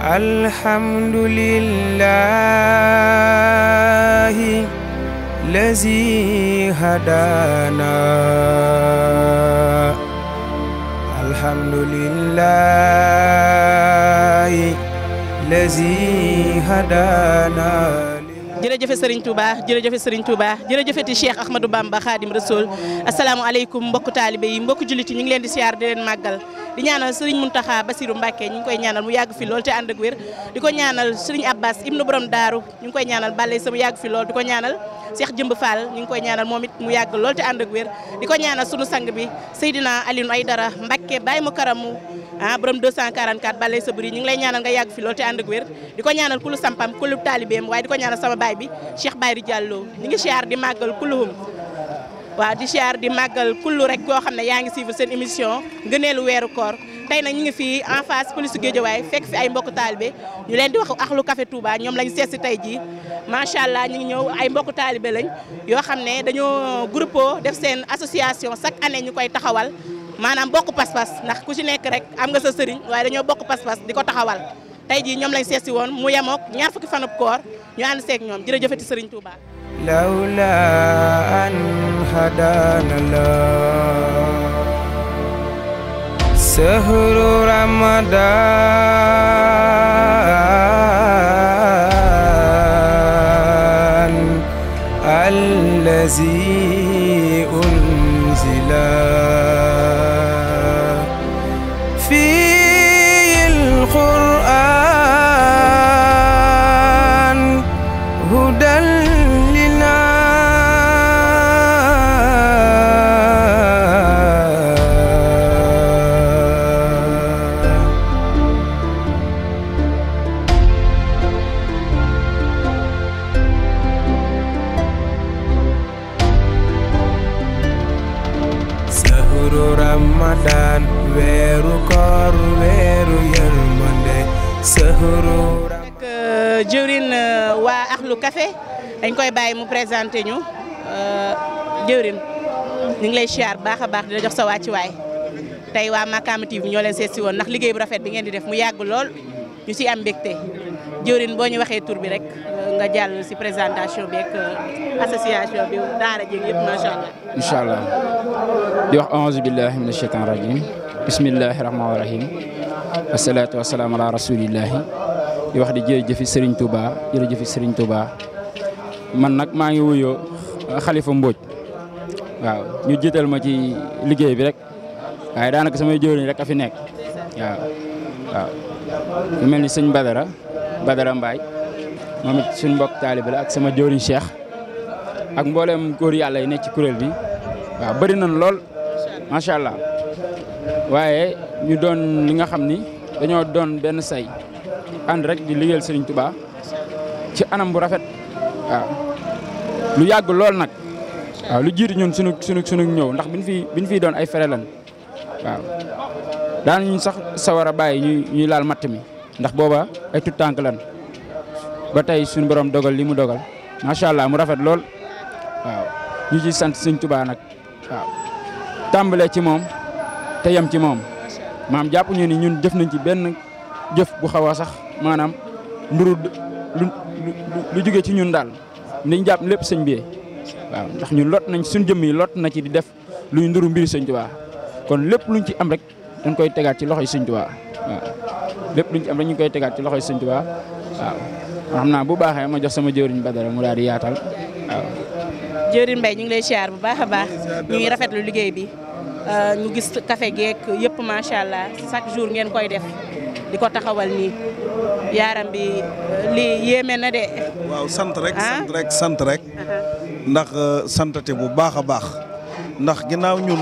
الحمد لله الذي هدانا الحمد لله الذي هدانا jërëjëfe Serigne Touba jërëjëfe Serigne Touba jërëjëfeti Cheikh Ahmadou Bamba Khadim Rasoul asalaamaaleykum mbokku taalibe yi mbokku jullit yi ñu ngi leen di siyaar di leen màggal di ñaanal Serigne Mountakha Bassirou Mbacké ñu ngi koy ñaanal mu yàgg fi lool te ànd ak wér di ko ñaanal Serigne Abbas ñu ngi koy ñaanal mu yàgg fi lool te ànd ak di ko ñaanal sunu sang bi Seydina Alioune Aydara Mbacké Baye mu karamu ah borom 244 balay sa buri ñu ngi lay ñaanal nga yàgg fi loolu te ànd ak wér di ko ñaanal kulu sampam kulu taalibeem waaye di ko ñaanal sama baay bi Cheikh Bayri Diallo ñu ngi siyaar di màggal kuluhum waaw di siyaar di màggal kullu rek koo xam ne yaa ngi suivre seen émission ngëneelu weeru koor tey nag ñu ngi fi en face police Guédiawaye fekk fi ay mbokk taalibe ñu leen di wax lu café Touba ñoom lañ seet si tey jii macha allah ñu ngi ñëw ay mbokk taalibe lañ yoo xam ne dañoo groupe def seen association chaque année ñu koy taxawal maanaam bokk pas-pas ndax ku ci nekk rek am nga sa sëriñ waaye dañoo bokk pas-pas di ko taxawal tey jii ñoom lañ seet si woon mu yemook ñaar fukki fanub koor ñu ànd seeg ñoom jërëjëfati sëriñ Touba. لولا أن هدانا الله سهر رمضان الذي أنزل في القرآن هدى ciar baax baax dina jox sa wàccuwaay tey waa Makhama TV ñoo leen sétti won nak ndax bu rafet bi ngeen di def mu yàgg lool ñu si am bekté jëwrin bo ñu waxé tour bi rek nga jall ci présentation bi ak euh, association bi daara yépp ma sha allah. incha allah di wax a'udhu billahi minash shaytan rajim bismillahir rahmanir rahim wassalatu wassalamu ala rasulillahi di wax di jërëjëfi Serigne Touba jërëjëfi Serigne Touba man nak ma ngi wuyo euh, Khalifa Mbodj waaw ñu jiital ma ci liggéey bi rek waaye daanaka samay jóoni rek a fi nekk waaw waaw ñu mel ni sëñ Badara Badara Mbaye moom it suñ mbokk taalibe la ak sama jóoni Cheikh ak mboolem góor yàlla yi nekk ci kuréel bi waaw bëri nañ lool macha allah waaye ñu doon li nga xam ni dañoo doon benn say ànd rek di liggéeyal Serigne Touba ci anam bu rafet waaw lu yàgg lool nag waaw lu sunuk ñun suñu suñu suñu ñew ndax biñ fi biñ fi doon ay fere lan waaw daan ñu sax sawar a bàyyi ñuy ñuy laal matti mi ndax boba ay tout tank lan ba tay suñu borom dogal limu dogal dogal sha allah mu rafet lool waaw ñu ci sante seigne touba nak waaw tambalé ci mom te yam ci mom maam japp ñu ni ñun def nañ ci ben jëf bu xawa sax manam nduru lu lu joge ci ñun dal niñ japp lepp seigne bi waaw ndax ñu lot nañ suñ jëmm yi lot na ci di def lu ñu nduru mbiri sëñ Tuubaa kon lépp luñ ci am rek dañ koy tegaat ci loxo yi Tuubaa waaw lépp luñ ci am koy tegaat ci loxoy sëñ Tuubaa waaw xam naa bu baaxee ma jox sama jëwriñ Badara mu daal di yaatal waaw. jëwriñ Mbaye ñu ngi lay siyaar bu baax a baax ñu ngi rafetlu liggéey bi euh, ñu gis café geek yëpp macha allah chaque jour ngeen koy def. di kota taxawal ni yaram bi li yeme na de. waaw ah? sant rek sant rek sant rek. ndax eh, santate bu baakha a baax ndax ginaaw ñun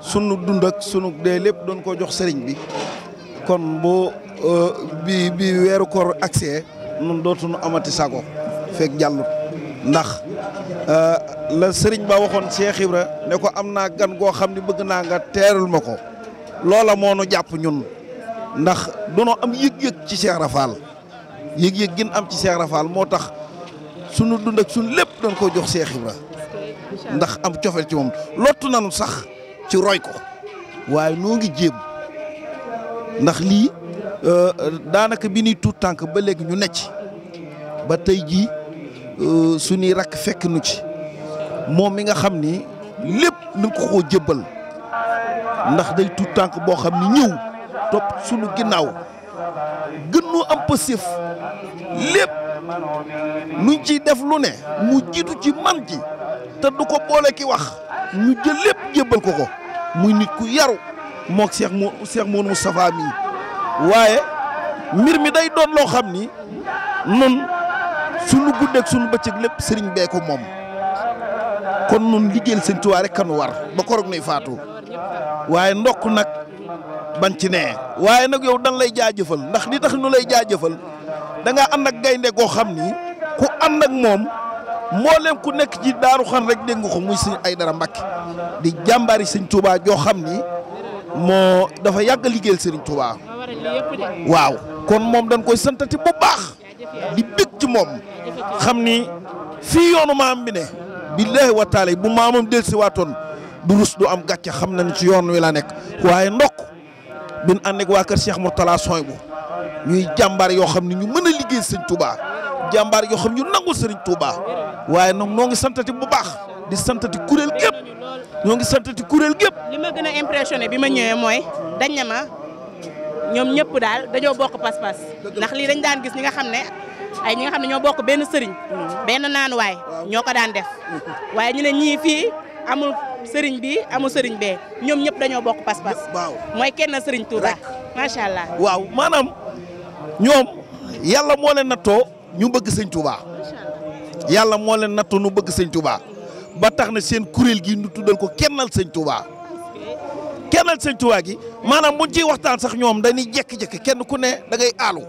sunu dund ak sunu de lepp doon ko jox sëriñ bi kon bo eh, bi bi wéru kor accès nun dootuñu amati sago fek jallu ndax eh, la sëriñ ba waxon Cheikh Ibra ne ko am gan go xamni bëgg na nga teerul mako lola japp ñun. ndax dunoo am yëg-yëg ci Cheikh Rafaal yëg-yëg gin am ci Cheikh Rafaal moo tax sunu dund ak sunu lépp dañ koo jox Cheikh Ibra ndax am cofeel ci moom lottu nanu sax ci roy ko waaye noo ngi jéem ndax lii euh, daanaka bi nuy tuut tànk ba léegi ñu ne ci ba tey jii euh, suñuy rakk fekk nu ci moom mi nga xam ni lépp nu ko ko jébbal ndax day tuut tànk boo xam ni ñëw topp sunu ginnaaw gën noo am pësif lépp nuñ ciy def lu ne mu jiitu ci man ji te du ko boole ki wax ñu jël lépp jébbal ko ko muy nit ku yaru mook Cheikh mo Cheikh Mouhamadou Moustapha waaye mbir mi day doon loo xam ni nun sunu guddeeg sunu bëccëg lépp sëriñ bee ko moom kon nun liggéeyal sëñ Tuubaa rek kanu war ba koroog nuy faatu waaye ndokk nag ban ci nee waaye nag yow dan lay jaajëfal ndax li tax nu lay jaajëfal da ngaa ànd ak gaynde goo xam ni ku ànd ak moom mboolem ku nekk ci daaru xan rek dégg ko muy sëñ Aydara Mbàkke di jàmbaari sëñ Touba joo xam ni moo dafa yàgg a liggéeyal tuubaa waaw kon moom dañ koy santati bu baax di bég ci moom xam ni fii yoonu maam bi ne billaahi wa taala bu maamam dellusiwaatoon du rus du am gàcce xam na ne ci yoon wi la nekk waaye ndokk bin ànd ak waa kër Cheikh Mourtala sooy bu ñuy jàmbaar yoo xam ne ñu mën a liggéey sëñ Touba jàmbaar yoo xam ñu nangul sëriñ Touba waaye nag noo ngi santati bu baax di santati kuréel gépp ñoo ngi santati kuréel gépp li ma gën a impressionné bi ma ñëwee mooy dañ ne ma ñoom ñëpp daal dañoo bokk pas-pas nax lii dañ daan gis ñi nga xam ne ay ñi nga ñoo bokk benn sëriñ mm. benn naanuwaay ñoo ko daan def mm-hmm. sëriñ bi amu sëriñ bee ñoom ñëpp dañoo bokk pas-pas. mooy kenn sëriñ Touba macha allah. waaw maanaam ñoom yàlla moo leen nattoo ñu bëgg sëñ Touba yàlla moo leen nattoo ñu bëgg sëñ Touba ba tax na seen kuréel gi ñu tuddal ko kennal sëñ Touba. kennal sëñ Touba gi maanaam buñ ciy waxtaan sax ñoom dañuy jékki-jékki kenn ku ne da ngay aalu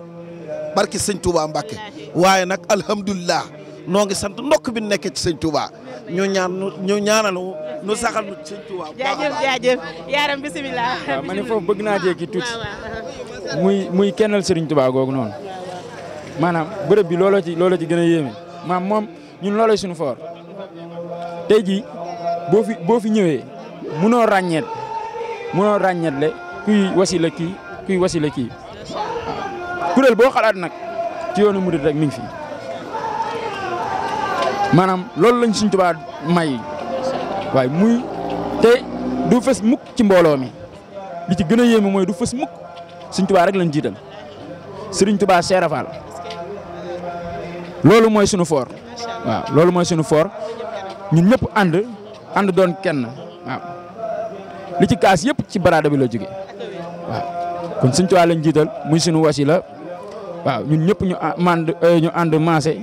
barki sëñ Touba Mbàkke waaye nag alhamdulilah noo ngi sant ndokk bi nekkee sëñ Touba. ñu ñaan ñu ñaanal ñu saxal ñu sëñ Tuubaa. jaajëf jaajëf yaaram bisimilah. waaw ma ne bëgg naa jéggi tuuti. muy muy kennal Serigne Touba googu noonu. maanaam bërëb bi looloo ci looloo ci gën a yéeme maam moom ñun looloo suñu foor tey jii boo fi boo fi ñëwee munoo ràññeet munoo ràññeet le kuy wasila kii kuy wasila kii kuréel boo xalaat nag ci yoonu murid rek mi fi. manam lolou lañ seigne touba may way muy té du fess mukk ci mbolo mi li ci gëna yéme moy du fess mukk seigne touba rek lañ jital seigne touba cheraval lolou moy suñu for wa lolou moy suñu for ñun ñëpp and and doon kenn wa li ci kaas yëpp ci barada bi la jóge wa kon seigne touba lañ jital muy suñu wasila wa ñun ñëpp ñu and euh, ñu and massé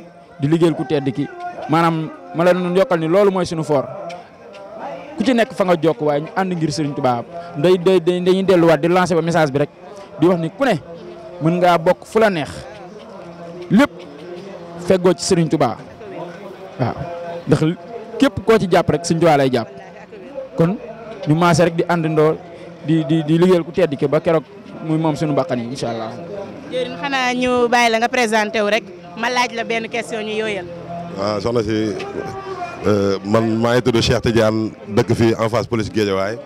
di liggéel ku tedd ki manam ma leen doon yokkal ni loolu moy suñu for ku ci nekk fa nga jokk way ñu ànd ngir Serigne Touba day day dañuy wat di lancer ba message bi rek di wax ni ku ne mën nga bok fu la neex lepp feggo ci Serigne Touba wa ndax kep ko ci japp rek Serigne Touba lay japp kon ñu masse rek di àndandoo di di di liggéeyal ku teddi ke ba kérok muy mom suñu bakkan inshallah incha xana ñu bayila nga présenter wu rek ma laaj la ben question ñu yoyal waaw soxna si euh, man maa ngi tudd Cheikh Tidiane dëkk fii en face police Guédiawaye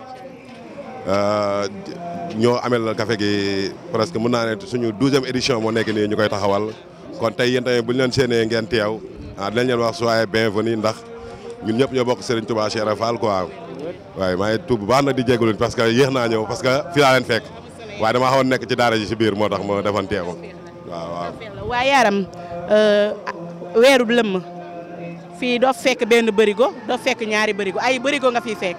euh, ñoo ameel la café gi presque mun naa ne suñu douzième édition moo nekk nii ñu koy taxawal kon tey yéen bu ñu leen séenee ngeen teew ah dinañ leen wax soyez bienvenue ndax ñu ñëpp ñoo bokk Serigne a Cheikh ko quoi waaye maa ngi tuub bu baax nag di jégalu parce que yéex naa ñëw parce que fii laa leen fekk waaye damaa xawoon nekk ci daara ji si biir moo tax moo defan teew waaw waaw. waaw euh, fii doo fekk benn bërigo doo fekk ñaari bërigo ay bërigo nga fi fekk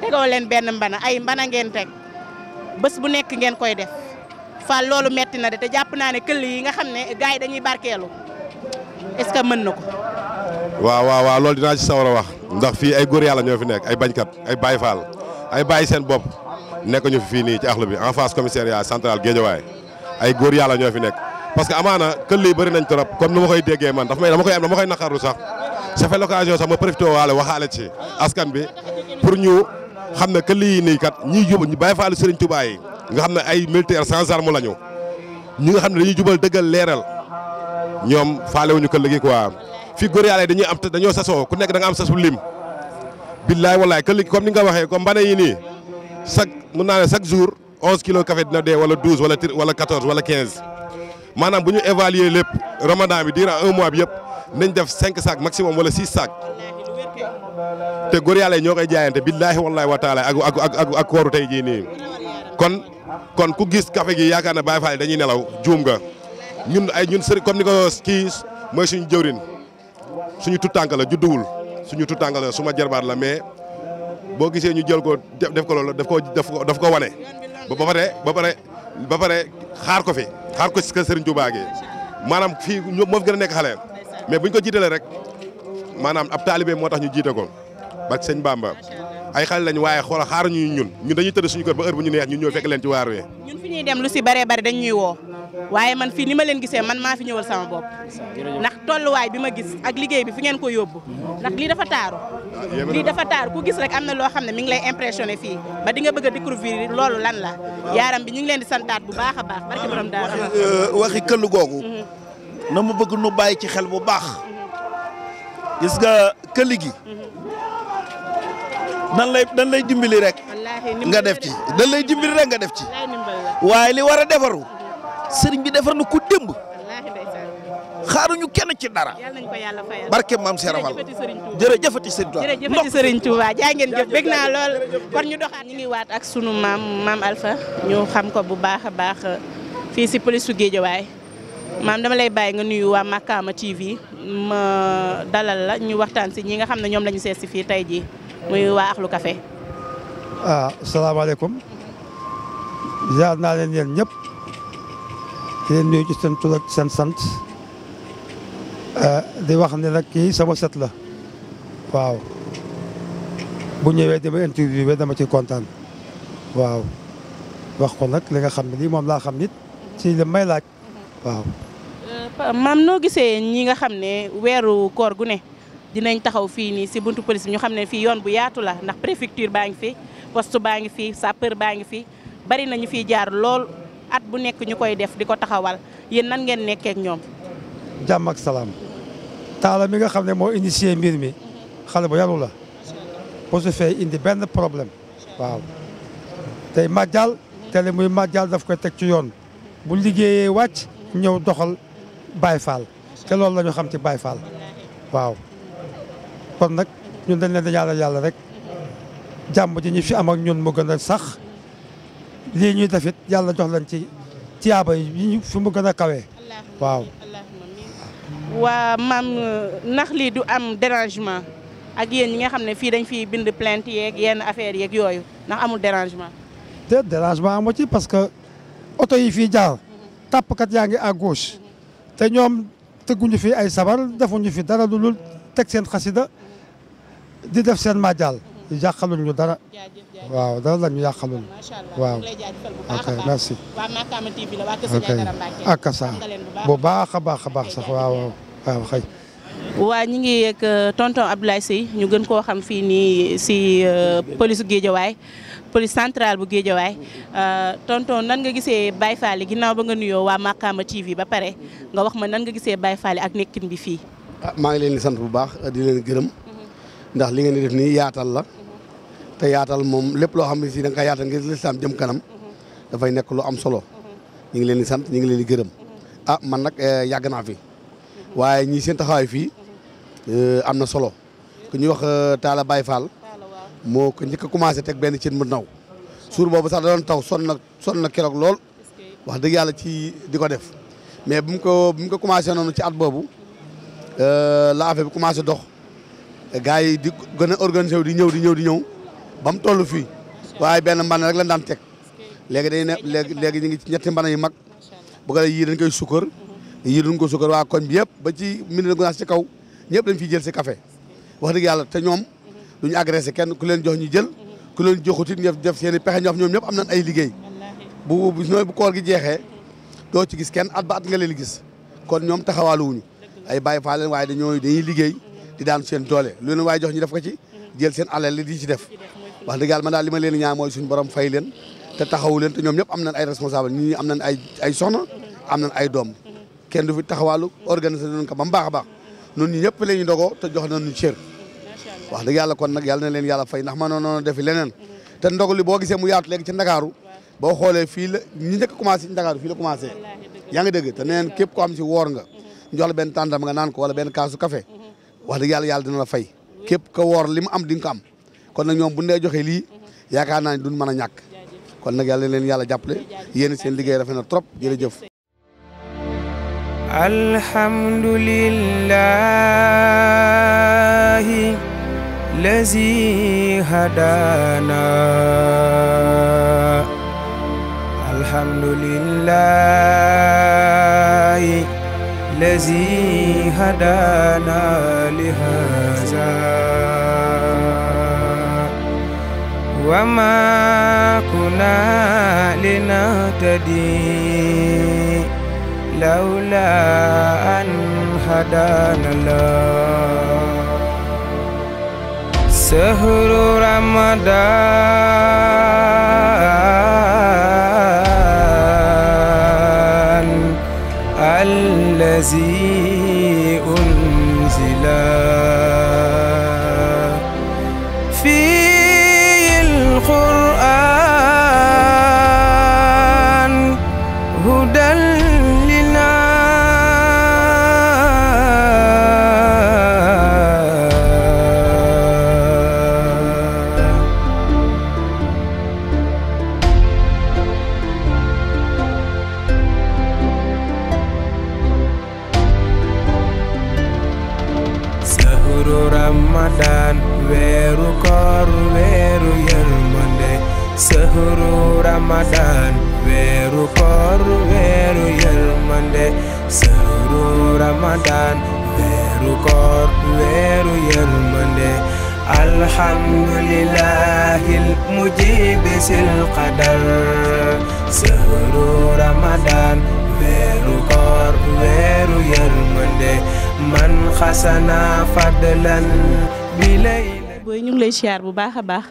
tegoo leen benn mbana ay mbana ngeen teg bu nekk ngeen koy def fa loolu metti na de te jàpp naa ne këll yi nga xam ne gars yi dañuy barkeelu est-ce na ko. waaw waaw loolu dinaa ci sawar wax ndax fii ay yàlla ñoo fi nekk ay bañkat ay Baye Fall ay bàyyi seen bopp nekk ñu fi fii nii ci axlu bi en ñoo fi nekk. parce que amaana këll yi bëri nañ trop comme ni ma koy déggee man dafa may koy am dama koy naqarlu sax. ça fait l'occasion sax ma profité waale waxaale ci askan bi pour ñu xam ne que yii nii kat ñiy jub ñu bàyyi faalu Serigne Touba yi nga xam ne ay militaires sans arme la ñu ñi nga xam ne dañuy jubal dëggal leeral ñoom faale wuñu ko léegi quoi fii góor yàlla dañuy dañoo sasoo ku nekk da nga am sasu lim. billaay wallaay que léegi ni nga waxee comme mbane yi nii chaque mun naa ne chaque jour 11 kilos café dina dee wala 12 wala wala 14 wala 15. maanaam bu ñu évaluer lépp ramadan bi durant un mois bi yëpp nañ def cinq sacs maximum wala six sacs te góor yàlla yi ñoo koy jaayante billaahi wallaahi wa taala ak ak ak ak kooru tey jii nii kon kon ku gis café gi yaakaar na Baye Fall dañuy nelaw juum nga ñun ay ñun sëriñ comme ni ko kii mooy suñu jëwrin suñu tuttànk la judduwul suñu tuttànk la suma jarbaat la mais boo gisee ñu jël ko def ko loolu daf ko daf ko wane ba pare ba pare xaar ko fi xaar ko si kër Serigne Touba gi maanaam fii moo fi gën a nekk xale mais buñ ko jiitalee rek maanaam ab taalibe moo tax ñu jiite ko ba sëñ Bamba ay xale lañ waaye xoola xaar ñu ñun ñun dañu tëdd suñu kër ba heure bu ñu neex ñun ñëw fekk leen ci waar wi ñun fi ñuy dem lu si bëree bëri dañ woo waaye man fii ni ma leen gisee man maa fi ñëwal sama bopp ndax tolluwaay bi ma gis ak liggéey bi fi ngeen ko yóbbu ndax lii dafa taaru lii dafa taar ku gis rek am na loo xam ne mi ngi lay impressionné fii ba di nga bëgg a découvrir loolu lan la yaaram bi ñu ngi leen di santaat bu baax a baax barki borom daal euh, waxi këll mhm. mu bëgg nu bàyyi ci xel bu baax gis nga këll gi mhm. nan lay nan lay dimbali rek nga def ci nan lay dimbali rek nga def ci waaye li war a defaru sëriñ bi defar na ku démb xaaruñu kenn ci dara. yàlla nañu ko yàlla fayal barke maam Serigne Fall jërëjëfati Serigne Touba jërëjëfati Serigne Touba jaa ngeen jëf bëgg naa lool kon ñu doxaat ñu ngi waat ak sunu maam maam Alpha ñu xam ko bu baax a baax fii si police su Guédiawaye maam dama lay bàyyi nga nuyu waa Makkama TV ma dalal la ñu waxtaan si ñi nga xam ne ñoom lañu ñu seet si fii tey jii muy waa Akhlu Café. ah salaamaaleykum jaar naa leen yéen ñëpp di leen nuyu ci seen tur seen sant. Eh, di wax ne nak ki sama set la waaw bu ñewé dama interview dama ci contane waaw wax ko nak li nga xam ni mom la xam nit ci li may laaj waaw. Eh, mam no gisé ñi nga xam ne wéru koor gu né dinañ taxaw fi ni si buntu police ñu xam ne fi yoon bu yaatu la ndax préfecture baangi fi poste baangi fi sapeur baangi fi bari nañu fi jaar lool at bu nekk ñukoy def di taxawal yeen nan ngeen nekk ak ñom jàmm ak salaam taala mi nga xam ne moo initié mbir mi xale bu yaru la bu su fee indi benn problème waaw tey màjjal tele muy màjjal daf koy teg ci yoon bu liggéeyee wàcc ñëw doxal Baye Fall te loolu lañu xam ci Baye Fall waaw kon nag ñun dañ leen di ñaanal yàlla rek jàmm ji ñu fi am ak ñun mu gën a sax lii ñuy def yàlla jox lañ ci tiyaaba yi ñu fi mu gën a kawe waaw waa maam nax lii du am dérangement ak yéen ñi nga xam ne fii dañ fiy bind plainte yee yenn affaire yeeg yooyu nax amul dérangement. te dérangement amu ci parce que oto yi fii jaar tàppkat yaa ngi à gauche te ñoom tëgguñu fi ay sabar defuñu fi dara lu dul teg seen xasida di def seen majaal ñu yàqaluñ ñu dara waaw dara la ñu yàqaluñ waaw ok merci ok ak sa bu baax a baax a baax sax waaw waaw waa ñi ngi yeeg euh, tonton Abdoulaye ñu gën koo xam fii nii si euh, police Guédiawaye police centrale bu Guédiawaye euh, tonton nan nga gisee Baye Fall yi ginnaaw ba nga nuyoo waa Makhama TV ba pare nga wax ma nan nga gisee baay Fall ak nekkin bi fii. Ah, maa ngi leen sant bu baax di leen gërëm. ndax li ngeen di def nii yaatal la te yaatal moom lépp loo xam ne si da nga koy yaatal ngir lislaam jëm kanam dafay nekk lu am solo ñu ngi leen di sant ñu ngi leen di gërëm ah man nag eh, yàgg naa fi waaye ñii seen taxawaay fii eh, am na solo ku ñuy wax eh, Talla Baye Fall moo ko njëkk a commencé teg benn cin mu naw suur boobu sax da doon taw sol na sonn na keroog lool wax dëgg yàlla ci di ko def mais bu mu ko bu ko commencé noonu ci at boobu la affaire bi commencé dox. gars yi di gën a organisé di ñëw di ñëw di ñëw ba mu toll fii waaye benn mban rek lañ daan teg léegi day ne léegi léegi ñu ngi ci ñetti mban yu mag bu ko yii dañ koy sukkar yii duñ ko sukkar waa koñ bi yëpp ba ji Médina Gounass ci kaw ñëpp dañ fiy jël si kafe wax dëgg yàlla te ñoom duñu agressé kenn ku leen jox ñu jël ku leen joxutit ñëf def seen i pexe ñof ñoom ñëpp am na ay liggéey bu bu bu koor gi jeexee doo ci gis kenn at ba at nga leen gis kon ñoom taxawaaluwuñu ay bàyyi faa leen waaye dañoo dañuy liggéey di daan seen doole lu leen waaye jox ñu def ko ci jël seen alal li di ci def wax dëgg yàlla man daal li ma leen mooy suñu borom fay leen te taxawu leen ñoom ñëpp am nañ ay responsable ñii am nañ ay ay soxna am na ay doom kenn du fi taxawaalu organiser nañ ko ba mu baax a baax noonu ñu ñëpp la ñu dogoo te jox nañu cër wax dëgg yàlla kon nag yàlla na leen yàlla fay ndax ma noonu defi leneen te li boo gisee mu yaatu léegi ci Ndakaaru boo xoolee fii la ñi njëkk commencé ci Ndakaaru fii la commencé yaa ngi dégg te neen képp ko am si woor nga jox la benn tàndam nga naan ko wala benn kaasu café wax deug yalla yalla dina la fay kep ko wor lim am di nga ko am kon nak ñom bu ñu lay li lii yaakaar duñ mëna ñak kon nak yalla leen yalla jàppale yeen seen liggéey rafa na trop jërëjëf alhamdulillahi lazi hadana alhamdulillahi lazi hadana لهذا وما كنا لنهتدي لولا أن هدانا الله سهر رمضان الذي ramadaan weeru koor weeru yërmande sëhru ramadaan weeru koor weeru yërmande sëhru ramadaan weeru koor weeru yërmande alhamdulillahil mujibi sil qadar sëhru ramadaan weeru koor weeru yërmande man xasana fadlan booy ñu lay siyaar bu baax a baax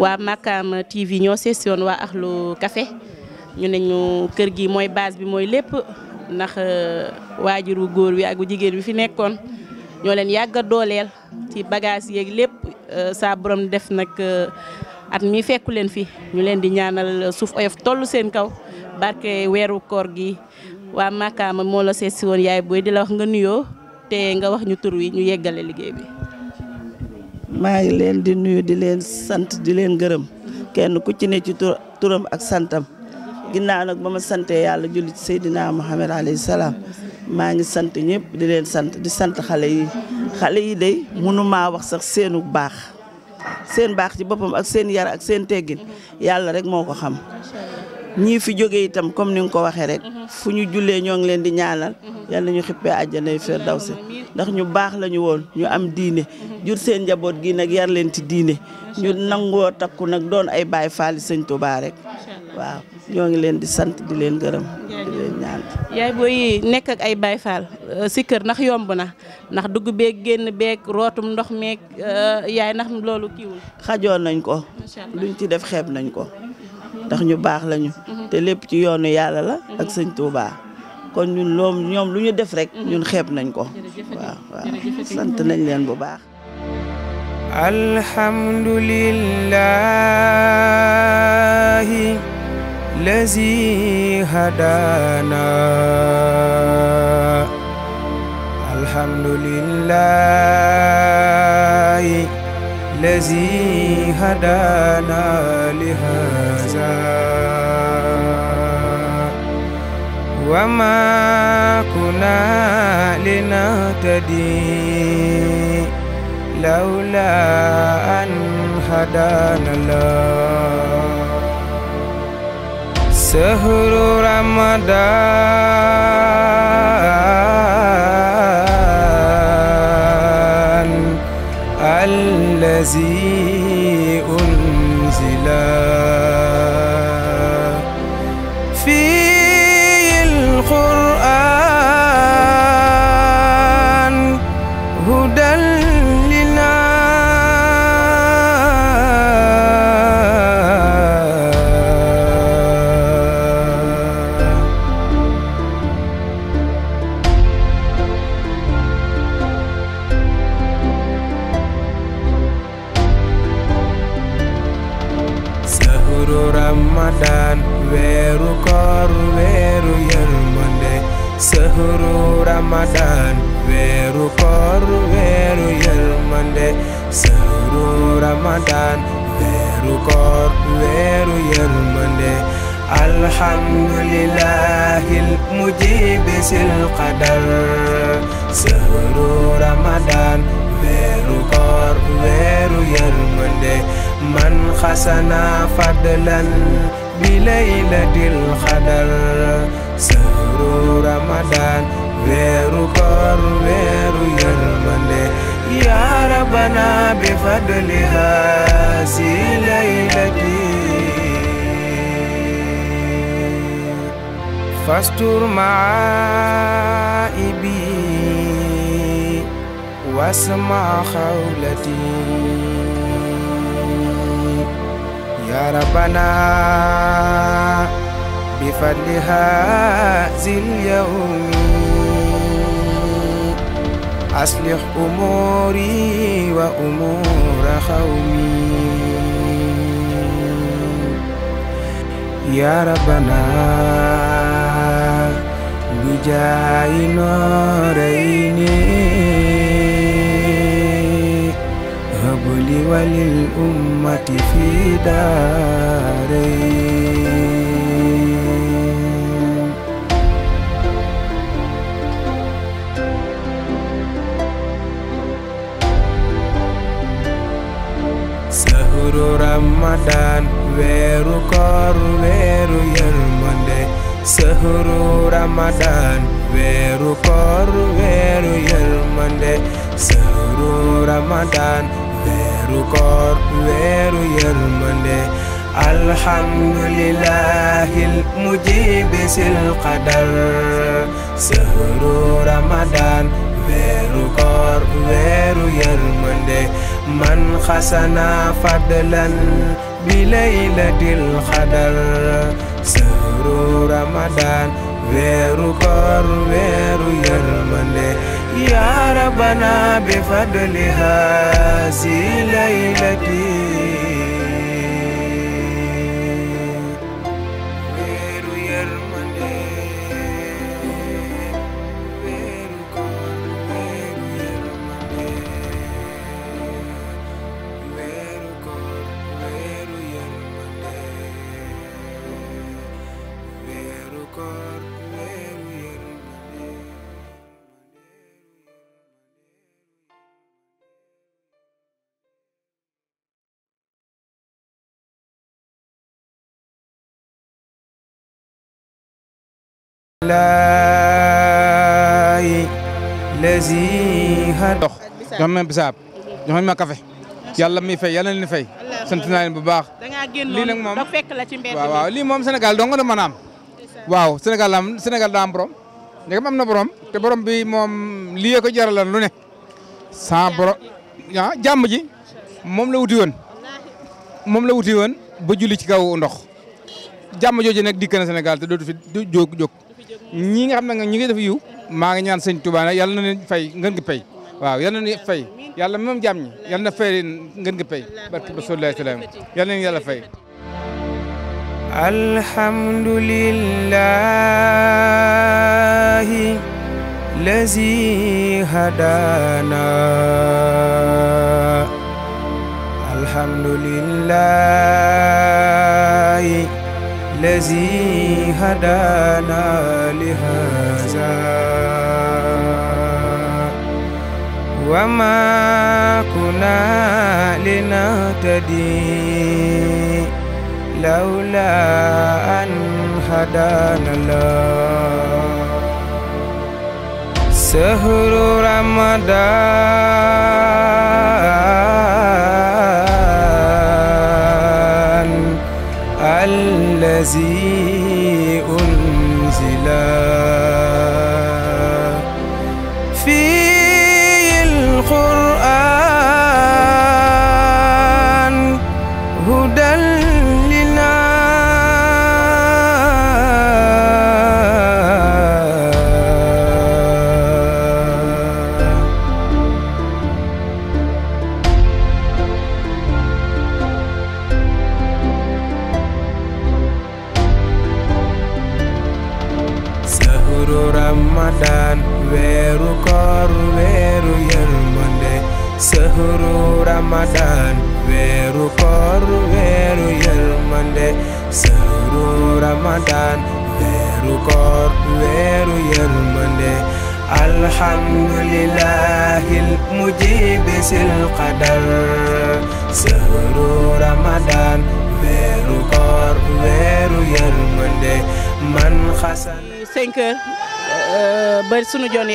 waa Makhama TV ñoo seesi woon waa Akhlu Café ñu ne ñu kër gi mooy baas bi mooy lépp ndax euh, waajur wu góor wi ak jigéen bi fi nekkoon ñoo leen yàgg dooleel ci bagage yeeg lépp euh, saa borom def nag euh, at mi fekku leen fi ñu leen di ñaanal suuf oyof toll seen kaw barke weeru koor gi waa Makhama moo la seesi woon yaay booy di la wax nga nuyoo te nga wax ñu tur wi ñu yeggale liggéey bi. maa ngi leen di nuyu di leen sant di leen gërëm kenn ku ci ne ci turam ak santam ginnaaw nag ba ma santee yàlla jullit ci Seydina Muhammad alayhi salaam maa ngi sant ñépp di leen sant di sant xale yi xale yi day mënumaa wax sax seenu baax seen baax ci boppam ak seen yar ak seen teggin yàlla rek moo ko xam ñii fi jógee itam comme ni nga ko waxee rek mhm. fu ñu jullee ñoo ngi leen di ñaanal mhm. yàlla ñu xippee àjjanay firdawsi ndax ñu baax lañu woon ñu am diine mhm. jur seen njaboot gi nag yar leen ci diine ñu nangoo takku nag doon ay baay faali sëñ Tuubaa rek waaw ñoo ngi leen di sant di leen gërëm di leen ñaan yaay booy nekk ak ay baay faal euh, si kër ndax yomb na ndax dugg beeg génn beek rootum ndox meeg euh, yaay ndax loolu kiiwul xajoon nañ ko luñ ci def xeeb nañ ko ndax ñu baax lañu. Mhm. te lépp ci yoonu yàlla la mhm. ak sëñ Touba. kon ñun loom ñoom lu ñu def rek mhm. ñun xeeb nañ ko waaw sant nañ leen bu baax alhamdulillahi lazi hadana alhamdulillahi lazi hadana وما كنا لنهتدي لولا أن هدانا الله سهر رمضان الذي weeru yërmande alhamdulillahi mujibi sil qadar sëhru ramadan weeru koor weeru yërmande man xasana fadlan bi laylatil qadar sëhru ramadan weeru koor weeru yërmande yaa rabbana bi fadliha si laylatil فاستر معائبي واسمع خولتي يا ربنا بفضل هذا اليوم أصلح أموري وأمور قومي يا ربنا أرجاء نارين هب لي وللأمة في دارين سهر رمضان ويرو كار ويرو sehuru ramadan weeru koor weeru yërmande sehuru ramadan weeru koor weeru yërmande alhamdulillahil mujibisil qadar sehru ramadan weeru koor weeru yërmande man khasana fadlan bi laylatil qadar weeru Ramadan weeru koor weeru yërmande yaa rabbana bi fadliha si laylati dox jaman ma bisaab jox ma café yàlla mi fay yàlla ni fay sant naa leen bu baax lii nag moom waaw waaw lii moom Sénégal dong la mën a am waaw Sénégal la bi moom lii ko jaralan lu ne sans borom ah jàmm ji moom la wuti woon moom la wuti woon ba julli ci kaw ndox jàmm ñii nga xam ne ñu ngi def yiw maa ngi ñaan sëñ Tuubaa nag yàlla na leen fay ngeen gi pay waaw yàlla na fay yàlla moom jàmm ñi yàlla na fay pay barke ba sallallahu alayhi wa sallam yàlla na yàlla fay alhamdulillahi lazi hadana alhamdulillahi وما كنا لنهتدي لولا أن هدانا الله سهر رمضان الذي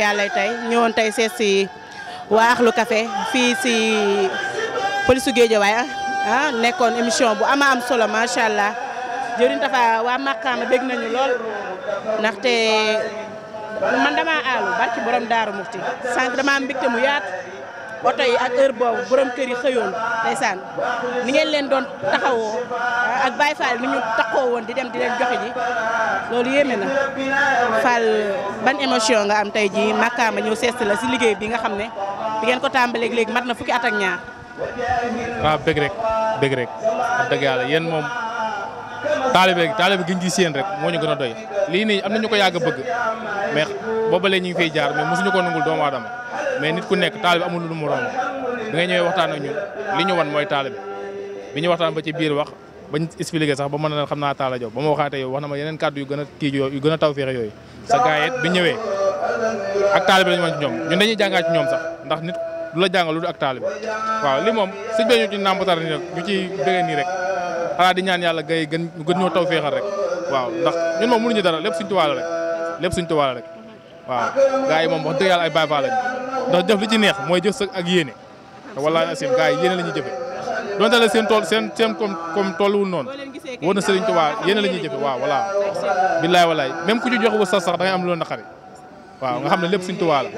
yàlla tey ñëwoon tey seet si waa lu kafe fii si polisu Guédiawaye ah, ah nekkoon émission bu ama am solo macha allah jëriñ dafa waa Makaama bég nañu lool ndaxte man dama aalu barki borom Daaru Muxti sànq dama am mbégte mu yaat oto yi ak heure boobu borom kër yi xëyoon ndeysaan ni ngeen leen doon taxawoo ah, ak Baye Fall ni ñu taxoo woon di dem di leen joxe ji loolu yéeme na Fall ban émotion nga am tey ji màkkaama ñëw seest la si liggéey bi nga xam ne di ngeen ko tàmbalee léegi mat na fukki at ak ñaar waaw ah, bëgg rek bëgg rek wax dëgg yàlla yéen moom taalibe taalibe gi ñu gis yéen rek moo ñu gën a doy lii nii am na ñu ko yàgg a bëgg mais boobalee ñu jaar fay jaar mais mosuñu ko nangul doomu aadama mais nit ku nekk taalibe amul lu mu romb bi nga ñëwee waxtaan ak ñun li ñu wan mooy taalibe bi ñu waxtaan ba ci biir wax bañ expliqué sax ba mën na xam naa Talla Diop ba ma waxaatee yow wax na ma yeneen kàddu yu gën a kii yu gën a taw féexe yooyu sa gaay it bi ñëwee ak taalibe lañu mën ci ñoom ñun dañuy jàngaa ci ñoom sax ndax nit du la jàngal lu ak taalibe waaw li moom sëñ bi ñu ci nàmbatar ni rek ñu ciy bëggee nii rek xanaa di ñaan yàlla gay gën gën ñoo taw féexal rek waaw ndax ñun moom mënuñu dara lépp suñ tuwaale rek lépp suñ tuwaale rek waaw gars moom wax dëgg yàlla ay ndax def li ci neex mooy jëf sëg ak yéene te wallaahi asim gars yi la ñuy jëfe donte la seen tool seen seen comme comme tolluwul noonu wóor na Sëriñ Tuubaa yéene la ñuy jëfe waaw voilà billaay walaay même ku ci jox wu sax sax da ngay am loolu naqari waaw nga xam ne lépp Sëriñ Tuubaa la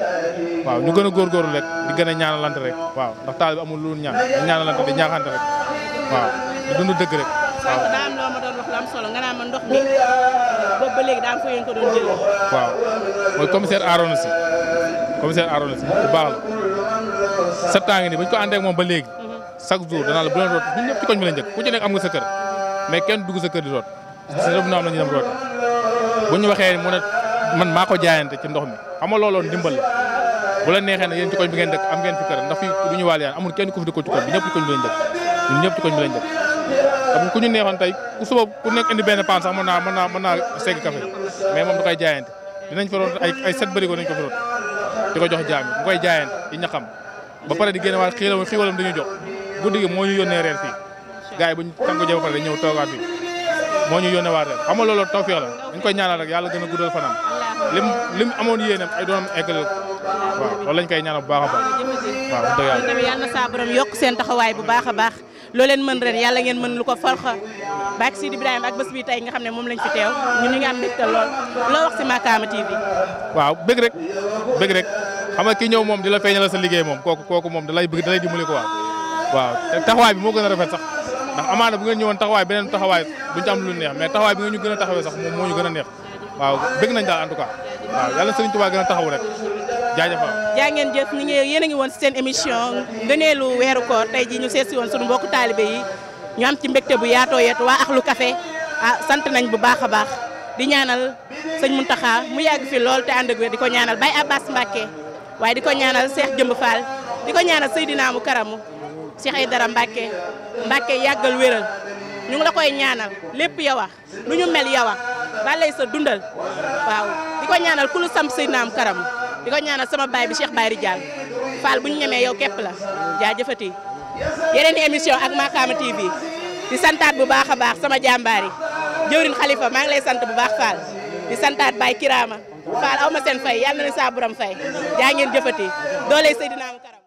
waaw ñu gën a góorgóorlu rek di gën a ñaanalante rek waaw ndax taal amul lu ñaan di ñaanalante di ñaaxante rek waaw loo ma doon wax lu ba léegi daa waaw mooy commissaire Arona si commissaire Arona Sy bu baax la sept ans ngi ba ñu ko àndee moom ba léegi chaque jour danaa la bu leen root ñun ñëpp ci koñ bi la njëkk ku ci nekk am nga sa kër mais kenn dugg sa kër di root si rëb na am la ñu dem root bu ñu waxee mu ne man maa ko jaayante ci ndox mi xam nga looloon ndimbal la bu la neexee nag yéen ci koñ bi ngeen dëkk am ngeen fi kër ndax fii du ñu waal yaan amul kenn ku fi dëkkoo ci koñ bi ñëpp ci koñ bi ñëpp ci koñ bi lañ dëkk ku ñu neexoon tey ku suba ku nekk indi benn paan sax mën naa mën naa mën naa segg café mais moom da koy jaayante dinañ fa root ay ay set bërigo nañ ko fi di ko jox jaam yi mu koy jaayeen di ñaxam ba pare di génne waat xiilam xiiwalam dañu jox guddi moo ñu yónnee reer fii gars yi buñ tàngo jë ba pare dañ ñëw toogaat fii moo ñu yónnee waat rek xam nga loolu tawfeex la dañ koy ñaanal rek yàlla gën a guddal fanam lim amoon yéenam ay doonam eggalal waaw loolu lañ koy ñaanal bu baax a baax waaw dëgg yàlla yàlla na saa borom yokk a baax loo leen mën ren yàlla ngeen mën lu ko farxa baak Sidi Ibrahima ak bés nga xam ne moom lañ fi teew ñun ñu ngi am mbégte lool wax si Maakaama TV. waaw bëgg rek bëgg rek xam nga ki ñëw moom di la feeñal sa liggéey moom kooku kooku moom dalay bëgg dalay dimbali ko waaw waaw taxawaay bi moo gën a rafet sax ndax amaana bu ngeen ñëwoon taxawaay beneen taxawaay duñ ci am lu neex mais taxawaay bi nga ñu gën a taxawee sax moom moo ñu gën a neex waaw bëgg nañ daal en tout cas waaw yàlla Sëriñ Tuubaa gën a taxaw rek jaajëf jaa ngeen jëf ñu yéen a ngi woon si seen émission ngëneelu weeru koor tey ji ñu seet si woon suñu mbokku taalibe yi ñu am ci mbégte bu yaatoo yeetu waa lu kafe ah sant nañ bu baax a baax di ñaanal sëñ Muntaxa mu yàgg fi lool te ànd ak di ko ñaanal bay Abbas Mbacke waaye di ko ñaanal Cheikh Jëmb faal di ko ñaanal Seydina mu karamu Cheikh dara Mbacke Mbacke yàggal wéral ñu ngi koy ñaanal lépp yawa lu ñu mel yawa ba lay sa dundal waaw di ko ñaanal kulu samp di ko ñaanal sama baay bi Cheikh Baye Ridial Fall bu ñu ñemee yow képp la jaajëfati yeneen émission ak Makhama TV di santaat bu baax baax sama jàmbaar yi jëwrin Khalifa maa ngi lay sant bu baax Fall di santaat Baye Kirama Fall aw ma seen fay yàlla na leen saa borom fay jaa ngeen jëfati doole Seydina Karam